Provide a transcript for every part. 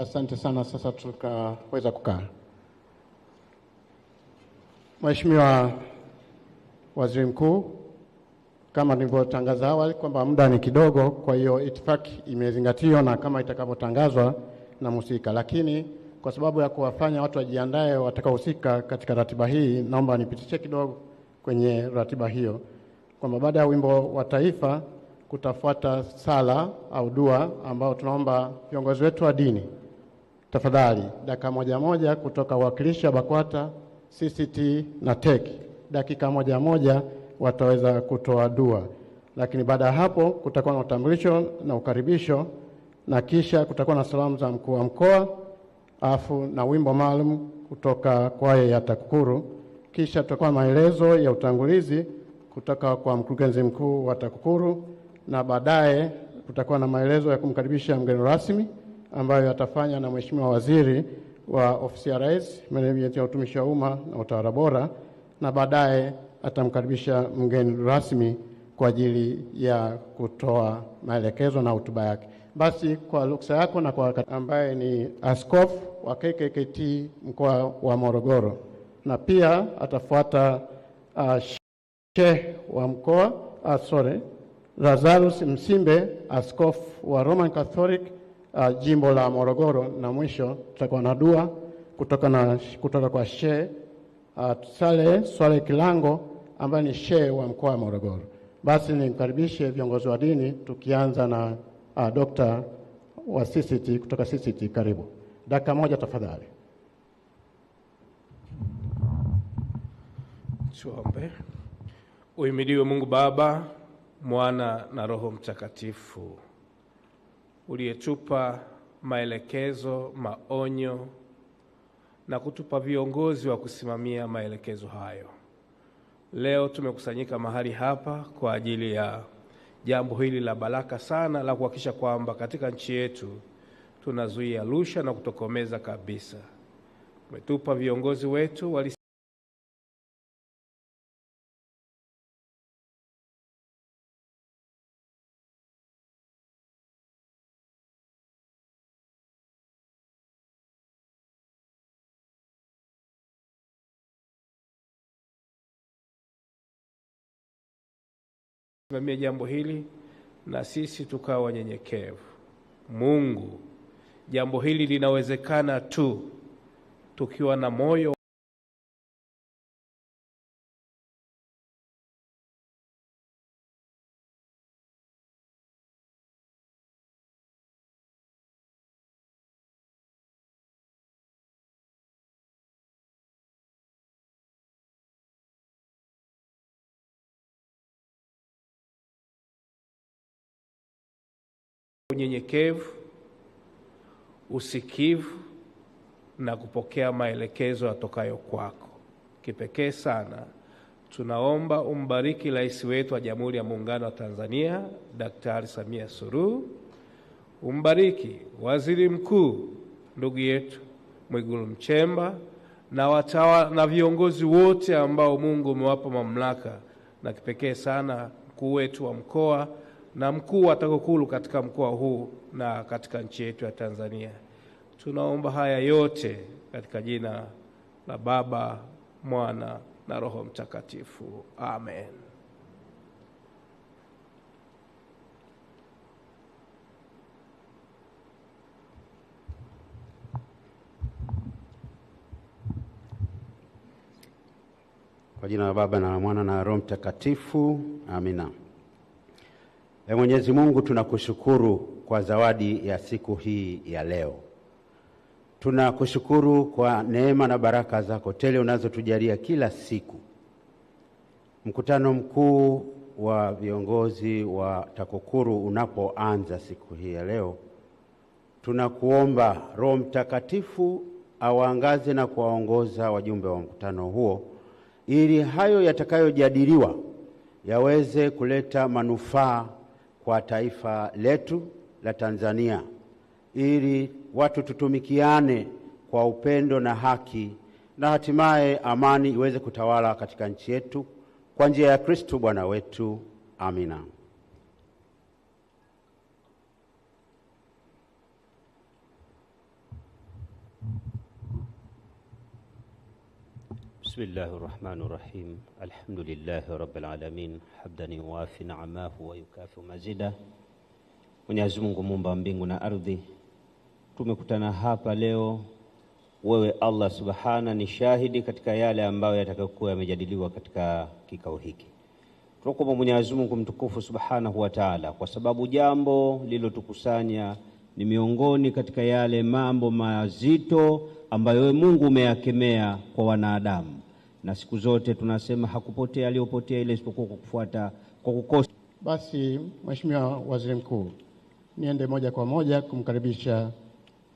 Asante sana. Sasa tukaweza kukaa. Mheshimiwa Waziri Mkuu, kama nilivyotangaza awali kwamba muda ni kidogo, kwa hiyo itifaki imezingatiwa na kama itakavyotangazwa na mhusika, lakini kwa sababu ya kuwafanya watu wajiandae watakaohusika katika ratiba hii, naomba nipitishe kidogo kwenye ratiba hiyo kwamba baada ya wimbo wa taifa kutafuata sala au dua ambao tunaomba viongozi wetu wa dini Tafadhali dakika moja moja kutoka wakilishi wa BAKWATA, CCT na TEC, dakika moja moja wataweza kutoa dua, lakini baada ya hapo kutakuwa na utambulisho na ukaribisho na kisha kutakuwa na salamu za mkuu wa mkoa afu na wimbo maalum kutoka kwaya ya TAKUKURU. Kisha tutakuwa maelezo ya utangulizi kutoka kwa mkurugenzi mkuu wa TAKUKURU na baadaye kutakuwa na maelezo ya kumkaribisha mgeni rasmi ambayo yatafanya na Mheshimiwa Waziri wa Ofisi ya Rais, Menejimenti ya Utumishi wa Umma na Utawala Bora, na baadaye atamkaribisha mgeni rasmi kwa ajili ya kutoa maelekezo na hotuba yake. Basi kwa ruksa yako na kwa wakati, ambaye ni askofu wa KKKT mkoa wa Morogoro, na pia atafuata uh, sheh wa mkoa uh, sorry, Lazarus Msimbe askofu wa Roman Catholic uh, jimbo la Morogoro, na mwisho tutakuwa na dua kutoka, na, kutoka kwa Shehe uh, ah, Sale Swaleh Kilango ambaye ni she wa mkoa wa Morogoro. Basi nimkaribishe viongozi wa dini tukianza na uh, ah, Dr. wa CCT kutoka CCT, karibu dakika moja tafadhali. Tuombe. Uimidiwe Mungu Baba, Mwana na Roho Mtakatifu uliyetupa maelekezo, maonyo na kutupa viongozi wa kusimamia maelekezo hayo. Leo tumekusanyika mahali hapa kwa ajili ya jambo hili la baraka sana la kuhakikisha kwamba katika nchi yetu tunazuia rusha na kutokomeza kabisa. Umetupa viongozi wetu wali kusimamia jambo hili na sisi tukawa wanyenyekevu. Mungu, jambo hili linawezekana tu tukiwa na moyo unyenyekevu, usikivu na kupokea maelekezo yatokayo kwako. Kipekee sana tunaomba umbariki rais wetu wa Jamhuri ya Muungano wa Tanzania Daktari Samia Suluhu, umbariki waziri mkuu ndugu yetu Mwigulu mchemba na watawa, na viongozi wote ambao Mungu umewapa mamlaka na kipekee sana mkuu wetu wa mkoa na mkuu wa TAKUKURU katika mkoa huu na katika nchi yetu ya Tanzania. Tunaomba haya yote katika jina la Baba, Mwana na Roho Mtakatifu. Amen. Kwa jina la Baba na la Mwana na Roho Mtakatifu. Amina. E Mwenyezi Mungu, tunakushukuru kwa zawadi ya siku hii ya leo. Tunakushukuru kwa neema na baraka zako tele unazotujalia kila siku. Mkutano mkuu wa viongozi wa TAKUKURU unapoanza siku hii ya leo, tunakuomba Roho Mtakatifu awaangaze na kuwaongoza wajumbe wa mkutano huo ili hayo yatakayojadiliwa yaweze kuleta manufaa kwa taifa letu la Tanzania ili watu tutumikiane kwa upendo na haki na hatimaye amani iweze kutawala katika nchi yetu kwa njia ya Kristo Bwana wetu. Amina. بسم الله الرحمن الرحيم الحمد لله رب العالمين حمدا يوافي نعمه ويكافئ مزيده Mwenyezi Mungu muumba wa mbingu na ardhi, tumekutana hapa leo. Wewe Allah subhana ni shahidi katika yale ambayo yatakayokuwa yamejadiliwa katika kikao hiki. Tunakuomba Mwenyezi Mungu mtukufu subhanahu wa taala, kwa sababu jambo lililotukusanya ni miongoni katika yale mambo mazito ambayo Mungu umeyakemea kwa wanadamu, na siku zote tunasema hakupotea aliyopotea ile isipokuwa kwa kufuata kwa kukosa. Basi Mheshimiwa Waziri Mkuu, niende moja kwa moja kumkaribisha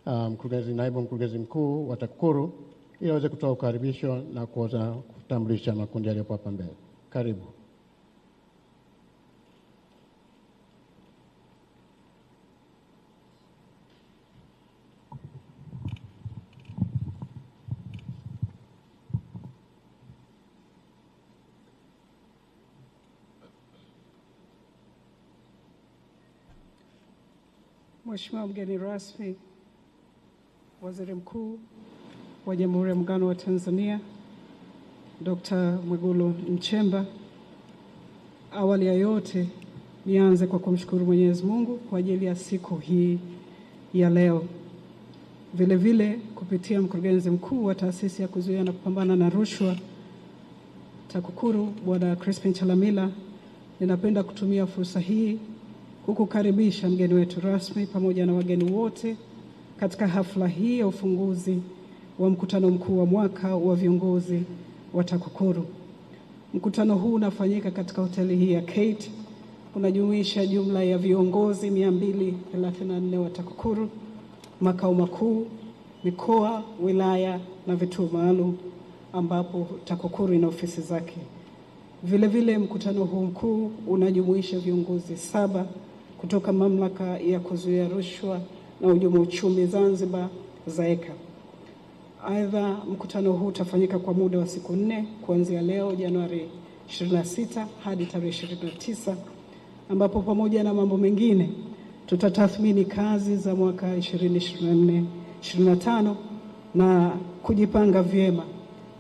uh, mkurugenzi um, naibu mkurugenzi mkuu wa TAKUKURU ili aweze kutoa ukaribisho na kuweza kutambulisha makundi yaliyopo hapa mbele. Karibu. Mheshimiwa mgeni rasmi, Waziri Mkuu wa Jamhuri ya Muungano wa Tanzania Dr. Mwigulu Nchemba, awali ya yote nianze kwa kumshukuru Mwenyezi Mungu kwa ajili ya siku hii ya leo. Vile vile kupitia mkurugenzi mkuu wa taasisi ya kuzuia na kupambana na rushwa TAKUKURU Bwana Crispin Chalamila, ninapenda kutumia fursa hii kukukaribisha mgeni wetu rasmi pamoja na wageni wote katika hafla hii ya ufunguzi wa mkutano mkuu wa mwaka wa viongozi wa TAKUKURU. Mkutano huu unafanyika katika hoteli hii ya Kate, unajumuisha jumla ya viongozi 234 wa TAKUKURU, makao makuu, mikoa, wilaya na vituo maalum ambapo TAKUKURU ina ofisi zake. Vilevile, mkutano huu mkuu unajumuisha viongozi saba kutoka mamlaka ya kuzuia rushwa na uhujumu uchumi Zanzibar ZAECA. Aidha, mkutano huu utafanyika kwa muda wa siku nne kuanzia leo Januari 26 hadi tarehe 29, ambapo pamoja na mambo mengine tutatathmini kazi za mwaka 2024 25 na kujipanga vyema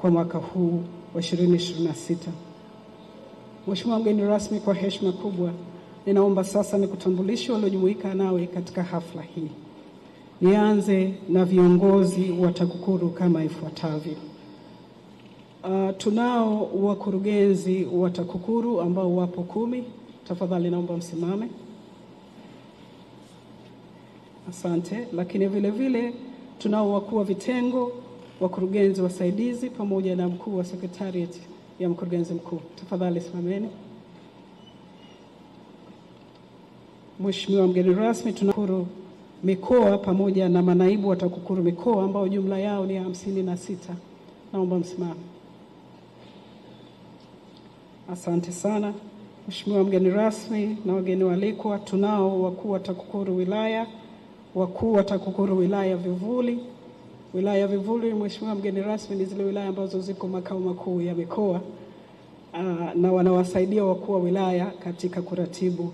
kwa mwaka huu wa 2026. Mheshimiwa mgeni rasmi, kwa heshima kubwa ninaomba sasa nikutambulishe waliojumuika nawe katika hafla hii. Nianze na viongozi wa TAKUKURU kama ifuatavyo. Uh, tunao wakurugenzi wa TAKUKURU ambao wapo kumi. Tafadhali naomba msimame. Asante. Lakini vile vile tunao wakuu wa vitengo, wakurugenzi wasaidizi, pamoja na mkuu wa sekretariat ya mkurugenzi mkuu. Tafadhali simameni. Mheshimiwa mgeni rasmi, tunakuru mikoa pamoja na manaibu wa TAKUKURU mikoa ambao jumla yao ni hamsini na sita. Naomba msimame. Asante sana Mheshimiwa mgeni rasmi na wageni walikwa, tunao wakuu wa TAKUKURU wilaya, wakuu wa TAKUKURU wilaya vivuli. Wilaya ya vivuli, Mheshimiwa mgeni rasmi, ni zile wilaya ambazo ziko makao makuu ya mikoa na wanawasaidia wakuu wa wilaya katika kuratibu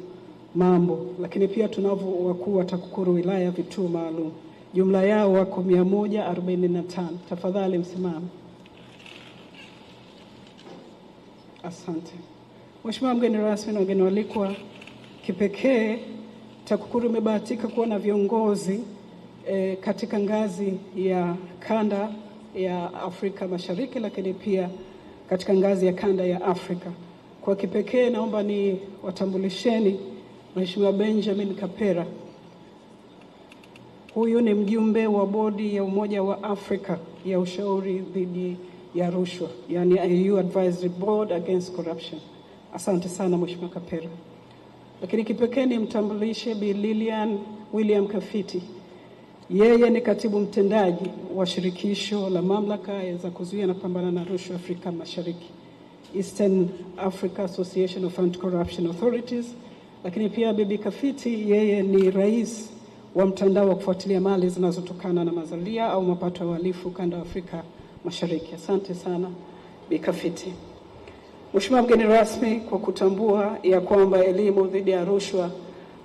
mambo, lakini pia tunavyo wakuu wa TAKUKURU wilaya, vituo maalum, jumla yao wako 145. Tafadhali msimame. Asante Mheshimiwa mgeni rasmi na wageni walikwa, kipekee TAKUKURU imebahatika kuwa na viongozi e, katika ngazi ya kanda ya Afrika Mashariki, lakini pia katika ngazi ya kanda ya Afrika. Kwa kipekee naomba ni watambulisheni Mheshimiwa Benjamin Kapera. Huyu ni mjumbe wa bodi ya Umoja wa Afrika ya ushauri dhidi ya rushwa, yani AU Advisory Board Against Corruption. Asante sana Mheshimiwa Kapera. Lakini kipekee nimtambulishe Bi Lilian William Kafiti. Yeye ni katibu mtendaji wa shirikisho la mamlaka za kuzuia na pambana na rushwa Afrika Mashariki, Eastern Africa Association of Anti-Corruption Authorities. Lakini pia Bibi Kafiti yeye ni rais wa mtandao wa kufuatilia mali zinazotokana na mazalia au mapato ya uhalifu kanda wa Afrika Mashariki. Asante sana Bibi Kafiti. Mheshimiwa mgeni rasmi, kwa kutambua ya kwamba elimu dhidi ya rushwa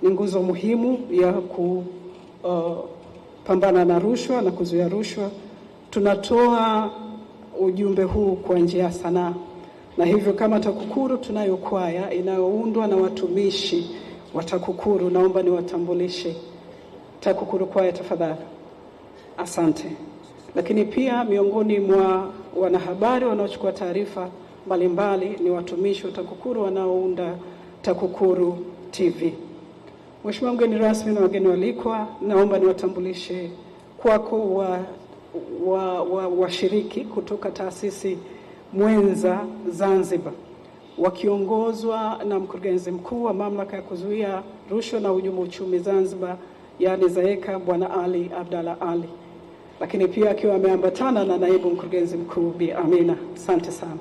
ni nguzo muhimu ya kupambana uh, na rushwa na kuzuia rushwa, tunatoa ujumbe huu kwa njia ya sanaa na hivyo kama TAKUKURU tunayo kwaya inayoundwa na watumishi wa TAKUKURU. Naomba niwatambulishe TAKUKURU kwaya tafadhali, asante. Lakini pia miongoni mwa wanahabari wanaochukua taarifa mbalimbali ni watumishi wa TAKUKURU wanaounda TAKUKURU TV. Mheshimiwa mgeni rasmi na wageni walikwa, naomba niwatambulishe kwako washiriki wa, wa, wa kutoka taasisi mwenza Zanzibar wakiongozwa na mkurugenzi mkuu wa mamlaka ya kuzuia rushwa na uhujumu uchumi Zanzibar, yani ZAECA, Bwana Ali Abdalla Ali, lakini pia akiwa ameambatana na naibu mkurugenzi mkuu Bi Amina. Asante sana.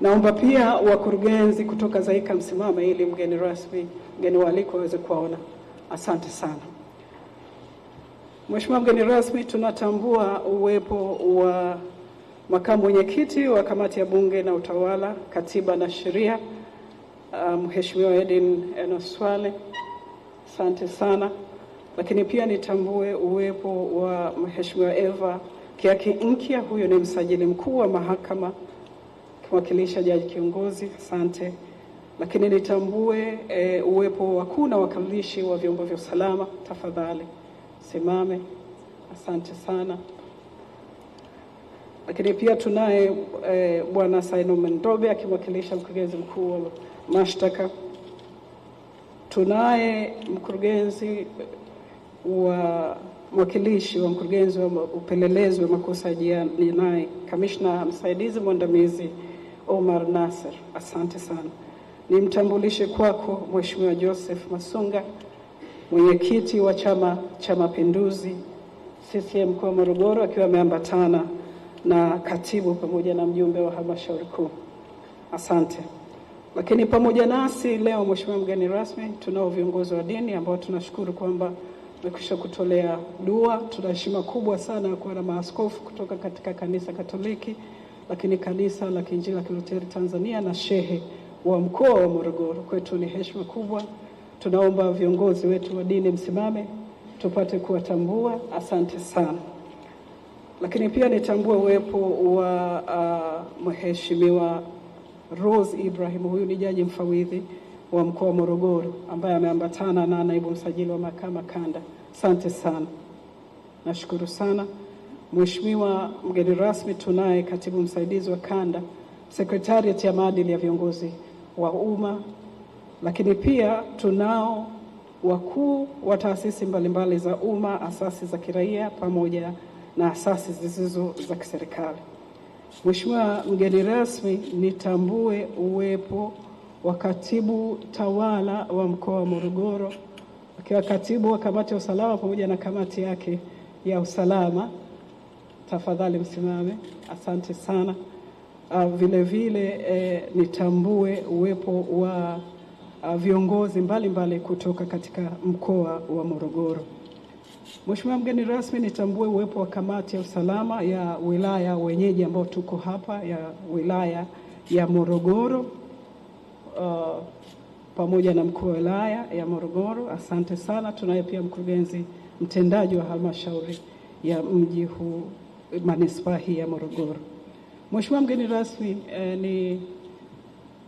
Naomba pia wakurugenzi kutoka ZAECA msimame ili mgeni rasmi, mgeni waalikwa aweze kuwaona. Asante sana. Mheshimiwa mgeni rasmi, tunatambua uwepo wa makamu mwenyekiti wa kamati ya bunge na utawala, katiba na sheria, um, Mheshimiwa um, Edin Enoswale, asante sana. Lakini pia nitambue uwepo wa Mheshimiwa Eva Kiaki Nkya, huyo ni msajili mkuu wa mahakama akiwakilisha jaji kiongozi, asante. Lakini nitambue e, uwepo wakuu na wakilishi wa vyombo vya usalama, tafadhali simame, asante sana. Lakini pia tunaye e, bwana Simon Ndobe akimwakilisha mkurugenzi mkuu wa mashtaka. Tunaye mkurugenzi wa mwakilishi wa mkurugenzi wa upelelezi wa makosa ya jinai, kamishna msaidizi mwandamizi Omar Nasser. Asante sana. Nimtambulishe kwako Mheshimiwa Joseph Masunga, mwenyekiti wa Chama cha Mapinduzi CCM mkoa wa Morogoro, akiwa ameambatana na katibu pamoja na mjumbe wa halmashauri kuu. Asante. Lakini pamoja nasi leo, mheshimiwa mgeni rasmi, tunao viongozi wa dini ambao tunashukuru kwamba mekwisha kutolea dua. Tuna heshima kubwa sana ya kuwa na maaskofu kutoka katika kanisa Katoliki, lakini kanisa la Kiinjili la Kilutheri Tanzania na shehe wa mkoa wa Morogoro. Kwetu ni heshima kubwa. Tunaomba viongozi wetu wa dini msimame tupate kuwatambua. Asante sana lakini pia nitambue uwepo wa uh, mheshimiwa Rose Ibrahim, huyu ni jaji mfawidhi wa mkoa wa Morogoro ambaye ameambatana na naibu msajili wa mahakama kanda. Asante sana, nashukuru sana. Mheshimiwa mgeni rasmi, tunaye katibu msaidizi wa kanda, sekretariat ya maadili ya viongozi wa umma, lakini pia tunao wakuu wa taasisi mbalimbali za umma, asasi za kiraia pamoja na asasi zisizo za kiserikali. Mheshimiwa mgeni rasmi, nitambue uwepo wa katibu tawala wa mkoa wa Morogoro akiwa katibu wa kamati ya usalama pamoja na kamati yake ya usalama. Tafadhali msimame. Asante sana. Uh, vile vile eh, nitambue uwepo wa uh, viongozi mbalimbali mbali kutoka katika mkoa wa Morogoro. Mheshimiwa mgeni rasmi, nitambue uwepo wa kamati ya usalama ya wilaya wenyeji ambao tuko hapa ya wilaya ya Morogoro uh, pamoja na mkuu wa wilaya ya Morogoro. Asante sana. Tunaye pia mkurugenzi mtendaji wa halmashauri ya mji huu manispaa hii ya Morogoro. Mheshimiwa mgeni rasmi, eh, ni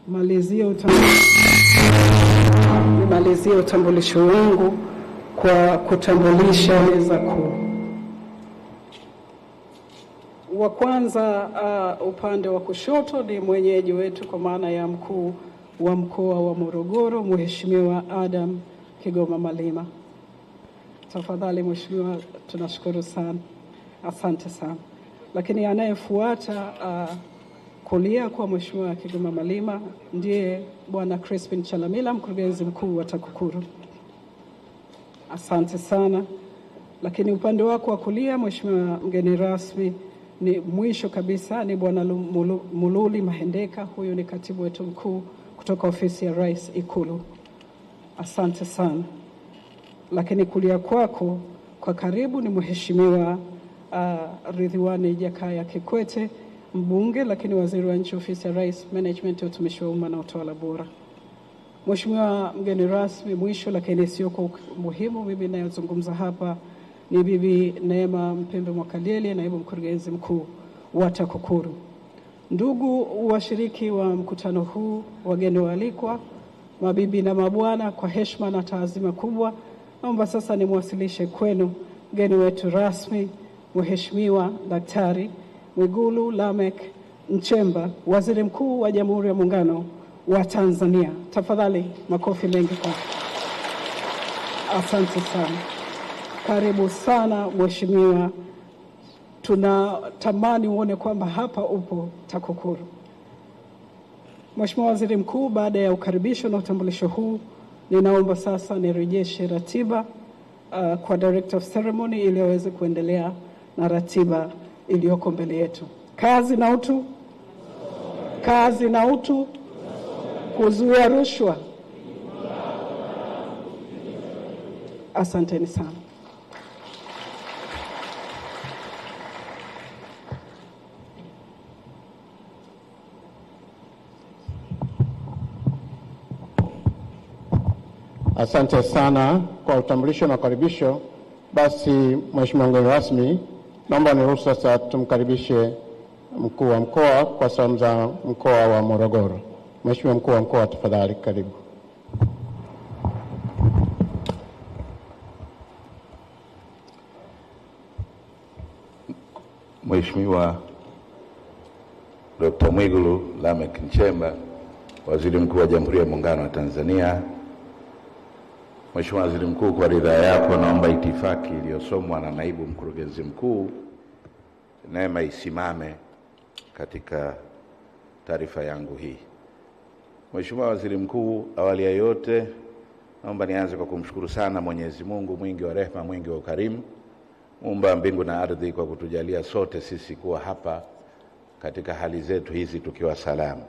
malizie utambulisho wangu kwa kutambulisha meza kuu. Wa kwanza uh, upande wa kushoto ni mwenyeji wetu kwa maana ya mkuu wa mkoa wa Morogoro, Mheshimiwa Adam Kigoma Malima. Tafadhali mheshimiwa, tunashukuru sana, asante sana. Lakini anayefuata uh, kulia kwa mheshimiwa Kigoma Malima ndiye bwana Crispin Chalamila, mkurugenzi mkuu wa TAKUKURU. Asante sana. Lakini upande wako wa kulia, Mheshimiwa mgeni rasmi, ni mwisho kabisa ni Bwana Mululi Mahendeka, huyu ni katibu wetu mkuu kutoka ofisi ya Rais Ikulu. Asante sana. Lakini kulia kwako kwa karibu ni Mheshimiwa uh, Ridhiwani Jakaya Kikwete, mbunge lakini waziri wa nchi ofisi ya Rais, Management ya utumishi wa umma na utawala bora. Mheshimiwa mgeni rasmi, mwisho lakini sio kwa umuhimu, mimi ninayozungumza hapa ni Bibi Neema Mpembe Mwakalele, naibu mkurugenzi mkuu wa TAKUKURU. Ndugu washiriki wa mkutano huu, wageni waalikwa, mabibi na mabwana, kwa heshima na taazima kubwa, naomba sasa nimwasilishe kwenu mgeni wetu rasmi, Mheshimiwa Daktari Mwigulu Lamek Nchemba, Waziri Mkuu wa Jamhuri ya Muungano wa Tanzania. Tafadhali makofi mengi kwa. Asante sana, karibu sana mheshimiwa. Tunatamani uone kwamba hapa upo TAKUKURU. Mheshimiwa Waziri Mkuu, baada ya ukaribisho na utambulisho huu, ninaomba sasa nirejeshe ratiba uh, kwa director of ceremony ili aweze kuendelea na ratiba iliyoko mbele yetu. Kazi na utu, kazi na utu kuzuia rushwa. Asanteni sana. Asante sana kwa utambulisho na ukaribisho. Basi mheshimiwa mgeni rasmi, naomba niruhusu sasa tumkaribishe mkuu wa mkoa kwa salamu za mkoa wa Morogoro. Mheshimiwa mkuu wa mkoa, tafadhali karibu. Mheshimiwa Dkt. Mwigulu Lameck Nchemba, Waziri Mkuu wa Jamhuri ya Muungano wa Tanzania. Mheshimiwa Waziri Mkuu, kwa ridhaa yako naomba itifaki iliyosomwa na Naibu Mkurugenzi Mkuu Neema isimame katika taarifa yangu hii. Mheshimiwa Waziri Mkuu, awali ya yote naomba nianze kwa kumshukuru sana Mwenyezi Mungu mwingi wa rehema, mwingi wa ukarimu, muumba mbingu na ardhi, kwa kutujalia sote sisi kuwa hapa katika hali zetu hizi tukiwa salama.